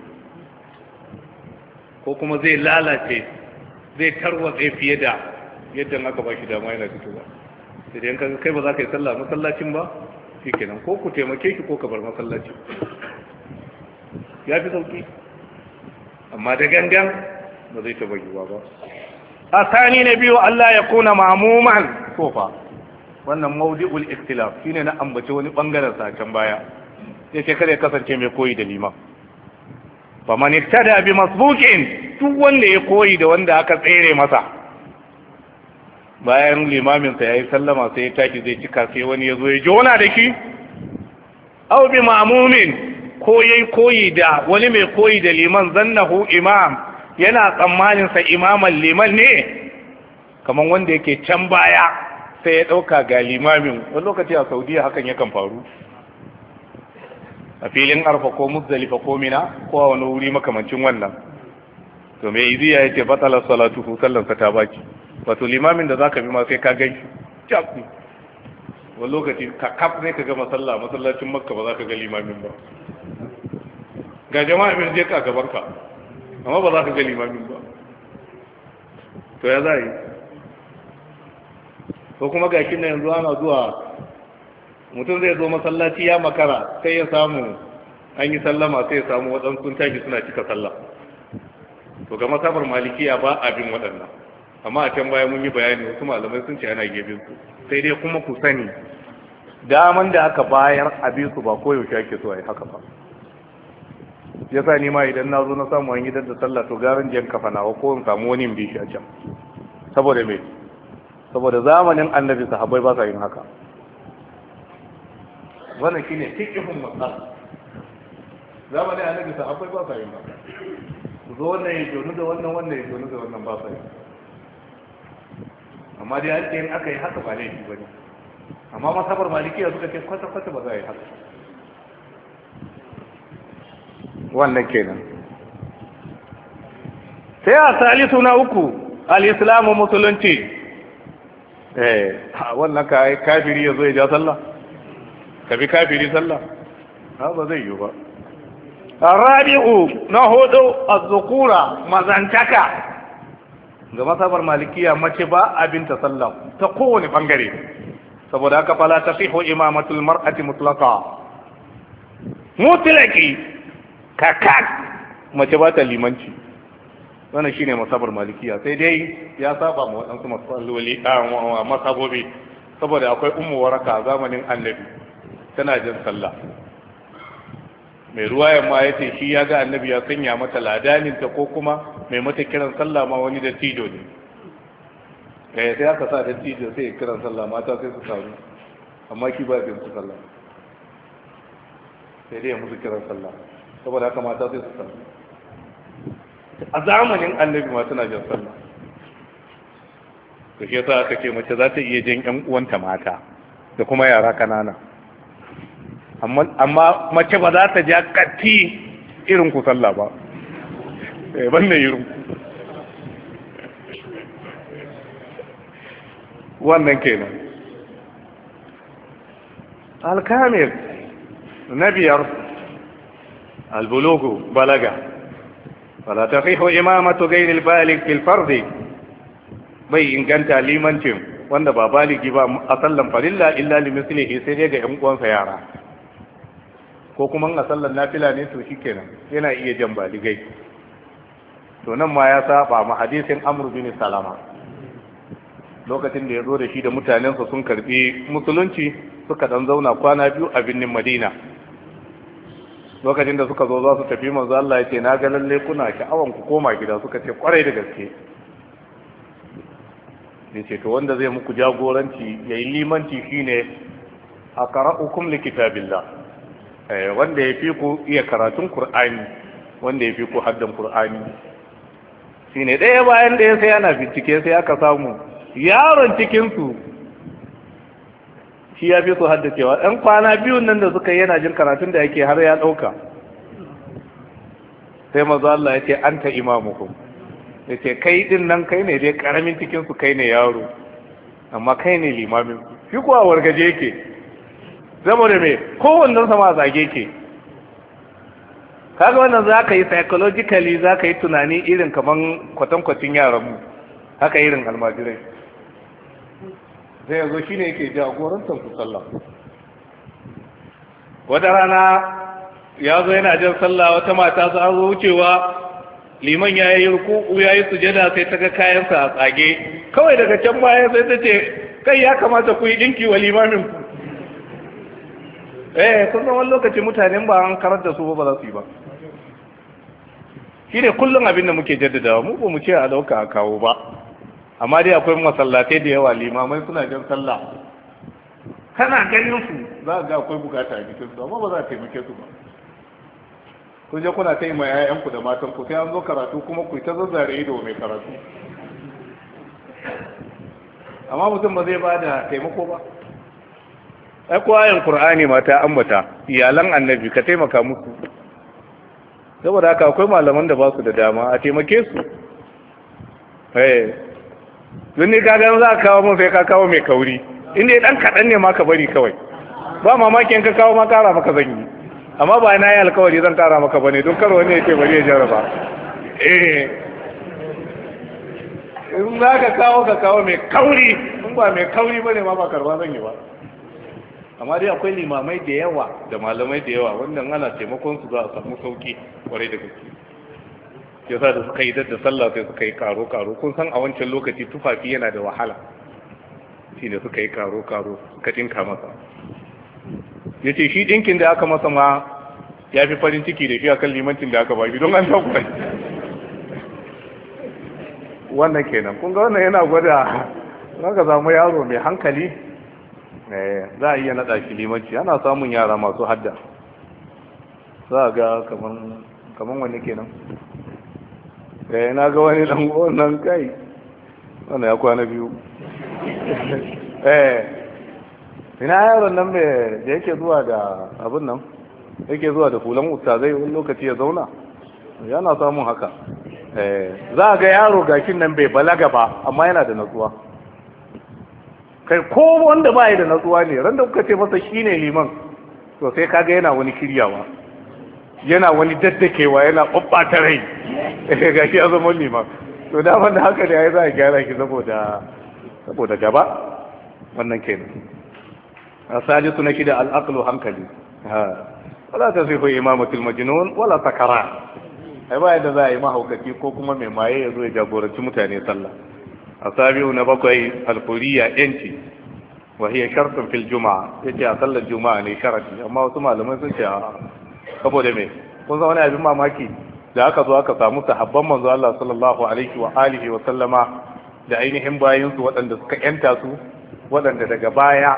ko kuma zai lalace zai tarwatse fiye da yadda aka ba shi dama yana fitowa sai dai kaga kai ba za ka yi sallah masallacin ba shikenan ko ku taimake shi ko ka bar masallaci ya fi sauki amma da gangan ba zai taba yiwa ba a sani na biyu Allah ya kuna mamuman sofa wannan maudi'ul ikhtilaf ne na ambace wani bangaren sa can baya sai kada ya kasance mai koyi da liman faman ittada bi masbuqin duk wanda ya koyi da wanda aka tsere masa bayan limamin sa yayi sallama sai ya taki zai cika sai wani yazo ya jona da ki aw bi ma'mumin ko yayi koyi da wani mai koyi da liman zannahu imam yana tsammanin sa imaman liman ne kaman wanda yake can baya sai ya dauka ga limamin wani lokaci a Saudiya hakan yakan faru a filin arfa ko muzdalifa ko mina ko a wani wuri makamancin wannan to me yi iziya yace batala ko sallan ta baki wato limamin da zaka bi ma sai ka ganshi jabu Wa lokaci ka kap ne ka ga masalla masallacin makka ba za ka ga limamin ba ga jama'a bin je ka gaban ka amma ba za ka ga limamin ba to ya zai ko kuma ga kin yanzu ana zuwa mutum zai zo masallaci ya makara sai ya samu an yi sallama sai ya samu waɗansu tashi suna cika sallah to ga masabar malikiya ba abin waɗannan amma a can baya mun yi bayani wasu malamai sun ce ana gefe su sai dai kuma ku sani daman da aka bayar abin su ba koyaushe ake so a yi haka ba ya sa ni ma idan na zo na samu an gidan da sallah to garin jiyan kafa nawa ko in samu wani bi a can saboda me saboda zamanin annabi sahabbai ba sa yin haka wannan cikin fiqhun masal zamanin annabi sahabbai ba sa yin ba su zo wannan ya jonu da wannan wannan ya jonu da wannan ba sa yin amma dai an ce aka yi haka ba ne ba ne amma masabar malikiya suka ce kwata kwata ba za a yi haka wannan kenan sai a salisu na uku al-islamu musulunci eh wannan kafiri ya zo ya ja sallah ka bi kafiri sallah ha ba zai yi ba rabi'u na hudu a zukura mazantaka ga masabar malikiya mace ba abin ta sallah ta kowane bangare saboda haka fala tasihu imamatul mar'ati mutlaqa mutlaqi kakak mace ba ta limanci wannan shine masabar malikiya sai dai ya saba ma waɗansu masalloli a masabobi saboda akwai ummu waraka zamanin annabi tana jin sallah mai ruwa, ma ya ce shi ya ga annabi ya sanya mata ladaninta ko kuma mai mata kiran sallah ma wani dattijo ne kai eh, sai aka sa dattijo sai kiran sallah mata sai su samu amma ki ba su sallah sai dai ya musu kiran sallah saboda haka mata sai su samu a zamanin annabi ma suna jin sallah to shi yasa aka ce mace za ta iya jin ƴan uwanta mata da kuma yara kanana amma mace ba za ta ja katti irin ku sallah ba eh na irin ku wannan kenan alkamil na biyar albulugu balaga fala tafihu imamatu ghayril balik fil bai inganta limancin wanda ba baligi ba a sallan farilla illa limislihi sai dai ga yan uwansa yara ko kuma a sallar nafila ne to kenan, yana iya jan baligai to nan ma ya saba ma hadisin amr bin salama lokacin da ya zo da shi da mutanensa sun karbi musulunci suka dan zauna kwana biyu a birnin madina lokacin da suka zo za su tafi manzo Allah ya na ga lalle kuna sha'awan ku koma gida suka ce kwarai da gaske ne ce to wanda zai muku jagoranci yayi limanci shine aqra'ukum likitabillah Eh, wanda ya fi ku iya karatun Kur'ani wanda ya fi ku haddan Kur'ani shi ne ɗaya bayan ɗaya sai ana bincike sai aka samu yaron cikinsu shi ya fi su cewa ɗan kwana biyun nan da suka yana jin karatun da yake har ya ɗauka sai mazu Allah ya ce an ta imamukum ya ce kai ɗin nan kai ne dai ƙaramin cikinsu kai ne yaro amma kai ne limamin fi kuwa wargaje yake da me kowannen sama zage ke kaga wannan za ka yi psychologically za ka yi tunani irin kaman kwatankwacin yaran mu haka irin almajirai zai yanzu shi ne yake jagoran su sallah wata rana ya zo yana jan sallah wata mata su an zo wucewa liman ya yi ruku'u ya yi sujada sai ta ga kayansa a tsage kawai daga can baya sai ta ce kai ya kamata ku yi dinki wa limamin eh kun zama wani lokaci mutanen ba an karar da su ba za su yi ba shi ne kullum abin da muke jaddadawa mu ba mu ce a dauka a kawo ba amma dai akwai masallatai da yawa limamai suna jan sallah kana ganin su za ga akwai bukata a jikin su amma ba za a taimake su ba kun je kuna ta yi ma ku da matan ku sai an zo karatu kuma ku ta zazzare ido mai karatu amma mutum ba zai ba da taimako ba ai ko ayan qur'ani ma ta ambata iyalan annabi ka taimaka musu saboda haka akwai malaman da ba su da dama a taimake su eh don ne kaga za ka kawo mun sai ka kawo mai kauri inda dan kadan ne ma ka bari kawai ba mamakin ka kawo ma kara maka zanyi amma ba na yi alkawari zan kara maka bane don karo wani ya bari ya jarraba eh in za ka kawo ka kawo mai kauri in ba mai kauri bane ma ba karba zan yi ba amma dai akwai limamai da yawa da malamai da yawa wannan ana taimakon su za a samu sauki kwarai da gaske ya sa da suka yi da sallah sai suka yi karo karo kun san a wancan lokaci tufafi yana da wahala shi ne suka yi karo karo suka dinka masa ya ce shi dinkin da aka masa ma ya fi farin ciki da shi akan limancin da aka bashi don an sa kwai wannan kenan kun ga wannan yana gwada za ka samu yaro mai hankali Eh, za a iya naɗa shi limanci ana samun yara masu hadda za a ga kamar wani kenan eh na ga wani dan wannan kai wannan ya kwana biyu eh ina yaron nan mai da yake zuwa da abin nan yake zuwa da fulan zai wani lokaci ya zauna yana samun haka eh za a ga yaro gashin nan bai balaga ba amma yana da natsuwa kai ko wanda ba ya da natsuwa ne ran da kuka ce masa shi ne liman to sai kaga yana wani kiryawa, yana wani daddakewa yana ɓaɓɓata rai eh, ga gashi ya zama liman to da da haka ne ya yi za a gyara ki saboda saboda gaba wannan kenan a suna na da al'aqlu hankali wala ta sai koyi imamatul majnun wala sakara ai ba yadda za a yi mahaukaki ko kuma mai maye ya zo ya jagoranci mutane sallah asabi'u na bakwai alkuriya yanci wa hiya shartun fil juma'a yace a sallar juma'a ne sharadi amma wasu malamai sun ce saboda mai, kun san wani abin mamaki da aka zo aka samu sahabban manzo Allah sallallahu alaihi wa alihi wa sallama da ainihin bayin su waɗanda suka yanta su waɗanda daga baya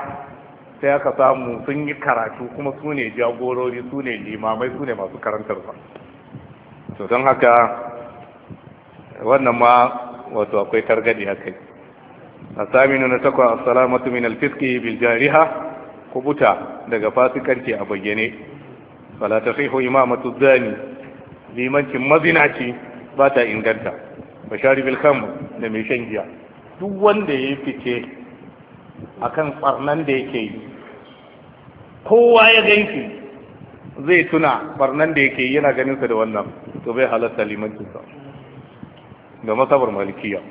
sai aka samu sun yi karatu kuma su ne jagorori su ne limamai su ne masu karantarwa to don haka wannan ma wato akwai targadi a kai nuna na takwa salamatu min alfiski bil jariha kubuta daga fasikanci a bayyane sai tasihu imamatu zani limancin mazinaci ba ta inganta shari bil da mai shan giya duk wanda ya fice a kan tsarnan da yake yi kowa ya ganki zai tuna barnan da yake yana ganinsa da wannan to bai halatta limancinsa da masabar malikiya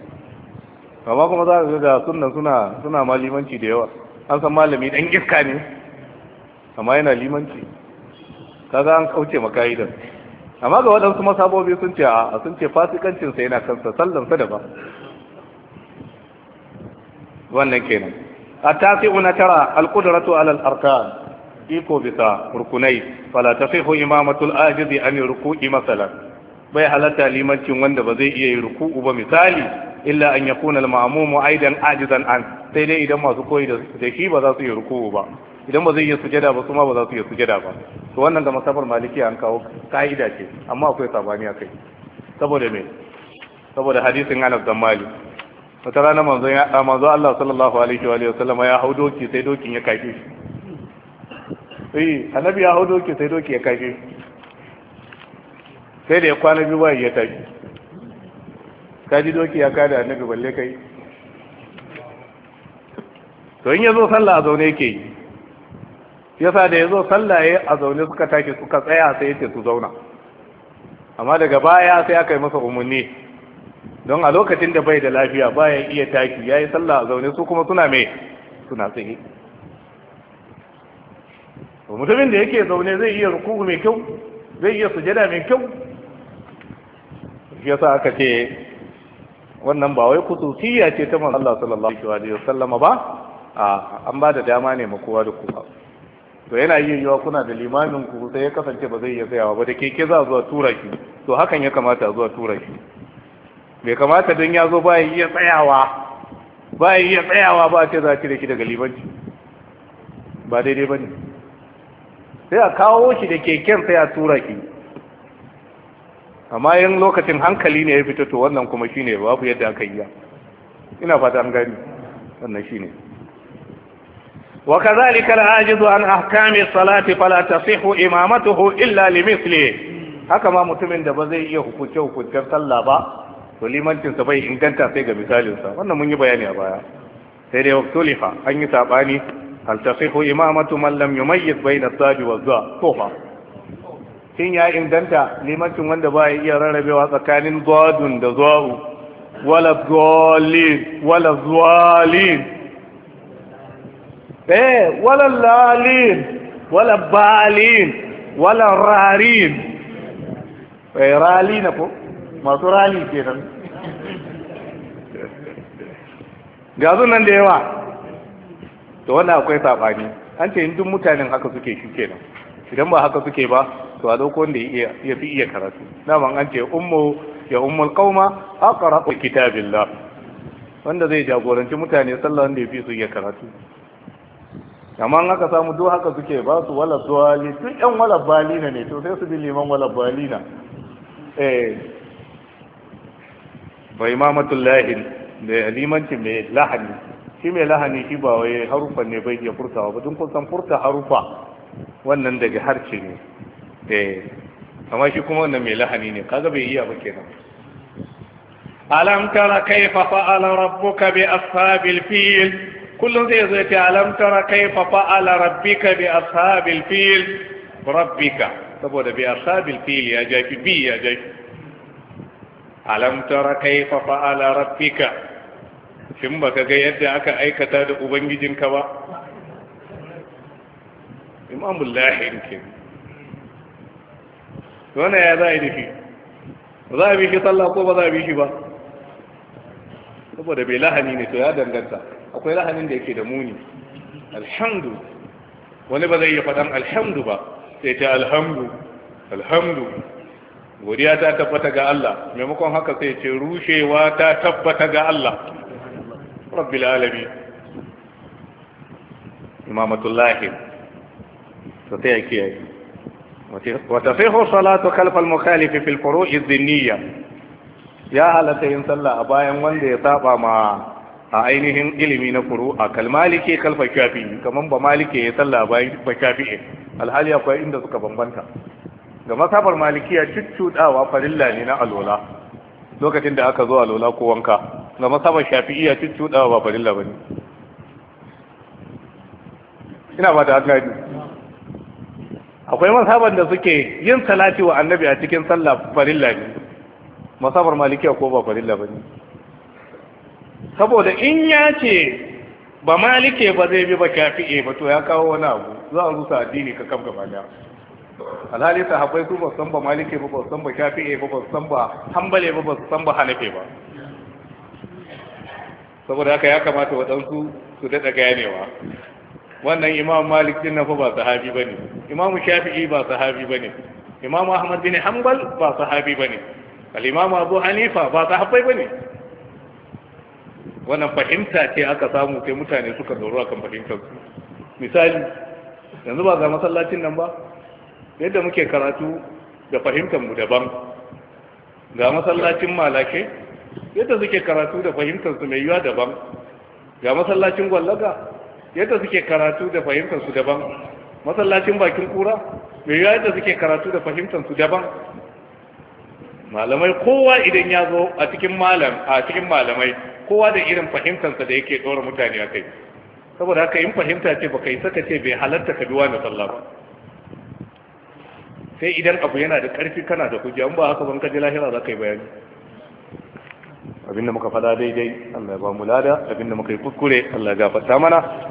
amma kuma za a ga da sunan suna suna ma limanci da yawa an san malami dan iska ne amma yana limanci za an kauce maka'idan. amma ga waɗansu masabobi sun ce a sun ce fasikancinsa sa yana kansa sallansa da ba. wannan kenan A التاسع ترى القدرة على الأركان إيكو بسا ركني hu imamatul ajizi an yi ruku'i masalan bai halatta limancin wanda ba zai iya yi ruku'u ba misali illa an yakuna al-ma'mumu aidan ajizan an sai dai idan masu koyi da shi ba za su yi ruku'u ba idan ba zai yi sujada ba kuma ba za su yi sujada ba to wannan da masafar maliki an kawo ka'ida ce amma akwai sabani akai saboda me saboda hadisin Anas mali. Malik wata rana manzo ya manzo Allah sallallahu alaihi wa sallam ya hau doki sai dokin ya kafe shi eh annabi ya hau doki sai doki ya kafe shi sai da ya kwana biyu bayan ya tafi ka ji doki ya kada annabi balle kai to in ya zo sallah a zaune ke yi yasa da ya zo sallah ya a zaune suka tafi suka tsaya sai ya ce su zauna amma daga baya sai aka yi masa umarni don a lokacin da bai da lafiya baya iya tafi ya yi sallah a zaune su kuma suna mai suna tsaye mutumin da yake zaune zai iya rukuku mai kyau zai iya sujada mai kyau shi yasa aka ce wannan ba wai kususiyya ce ta manzo Allah sallallahu alaihi wa sallama ba a an ba da dama ne mu kowa da kowa to yana yin yawa kuna da limamin ku sai ya kasance ba zai iya tsayawa ba da keke za zuwa tura ki to hakan ya kamata zuwa tura ki bai kamata don ya zo ba ya iya tsayawa ba iya tsayawa ba ce za ki da ki daga limanci ba daidai ba ne sai a kawo shi da keken sai a tura ki amma yin lokacin hankali ne ya fita to wannan kuma shine babu yadda aka yi ina fata an gani wannan shine wa kadhalika al zuwa an ahkami salati fala tasihu imamatuhu illa limithli haka ma mutumin da ba zai iya hukunce hukuncen sallah ba to limancin bai inganta sai ga misalin wannan mun yi bayani a baya sai dai waktulifa an yi sabani hal tasihu imamatu man lam yumayyiz bayna as-sabi wa az shin ya inganta limancin wanda ba ya iya rarrabewa tsakanin godun da zuwa'u wala zuwalin wala zuwalin eh wala lalin wala balin wala rarin eh rali na ko masu rali ke nan gazu nan da yawa to wanda akwai sabani an ce yin duk mutanen haka suke shi nan idan ba haka suke ba to a dauko wanda ya fi iya karatu daman an ce ummu ya ummul qauma aqra kitabillah wanda zai jagoranci mutane sallah wanda ya fi su iya karatu amma an aka samu do haka suke ba su wala bali su yan wala balina ne to sai su bi liman wala balina eh ba imamatul lahin da limancin mai lahani shi mai lahani shi ba wai harufan ne bai iya furtawa ba tun kun san furta harufa wannan daga harce ne eh amma shi kuma wannan mai lahani ne kaga bai iya ba kenan alam tara kaifa fa'ala rabbuka bi ashabil fil kullun zai zo ta alam tara kaifa fa'ala rabbika bi ashabil fil rabbika saboda bi ashabil fil ya jafi bi ya jafi alam tara kaifa fa'ala rabbika shin baka ga yadda aka aikata da ubangijinka ba imamul lahiri ke wani ya za a yi da shi ba za a bi shi sallah ko ba za a bi shi ba saboda bai lahani ne to ya danganta akwai lahanin da yake da muni alhamdu wani ba zai iya faɗan alhamdu ba sai ta alhamdu alhamdu godiya ta tabbata ga Allah maimakon haka sai ce rushewa ta tabbata ga Allah rabbil alamin imamatullahi to sai ya kiyaye wata sai ho salatu kalfal mukhalifi fil furu'i dhinniya ya halatta yin sallah bayan wanda ya saba ma a ainihin ilimi na furu a kalmalike kalfa shafi kaman ba malike ya sallah bayan ba shafi alhali akwai inda suka bambanta ga masabar malikiya cuccudawa farilla ne na alola lokacin da aka zo alola ko wanka ga masabar shafi'iya cuccudawa ba farilla bane ina ba da gani akwai masaban da suke yin salati wa annabi a cikin sallah farilla ne masabar malikiya ko ba farilla ba ne saboda in ya ce ba malike ba zai bi ba e ba to ya kawo wani abu za a rusa addini ka kam gaba da alhali sahabbai su ba san ba malike ba ba san ba e ba ba san ba hambale ba ba san ba hanafe ba saboda haka ya kamata waɗansu su daɗa ganewa wannan imam malik din nan fa ba sahabi bane imam shafi'i ba sahabi bane imam ahmad bin hanbal ba sahabi bane al-imam abu hanifa ba sahabi bane wannan fahimta ce aka samu sai mutane suka dauro akan fahimtar su misali yanzu ba ga masallacin nan ba yadda muke karatu da fahimtar mu daban ga masallacin malake yadda suke karatu da fahimtar su mai yiwa daban ga masallacin gwallaga yadda suke karatu da fahimtar su daban masallacin bakin kura mai yiwa yadda suke karatu da fahimtar su daban malamai kowa idan ya zo a cikin malam a cikin malamai kowa da irin fahimtarsa da yake dora mutane a kai saboda haka in fahimta ce baka yi saka ce bai halarta ka biwa na sallah ba sai idan abu yana da ƙarfi kana da hujja ba haka ban kaji lahira za ka yi bayani abinda muka fada daidai Allah ya ba mu lada abinda muka yi kuskure Allah ya gafarta mana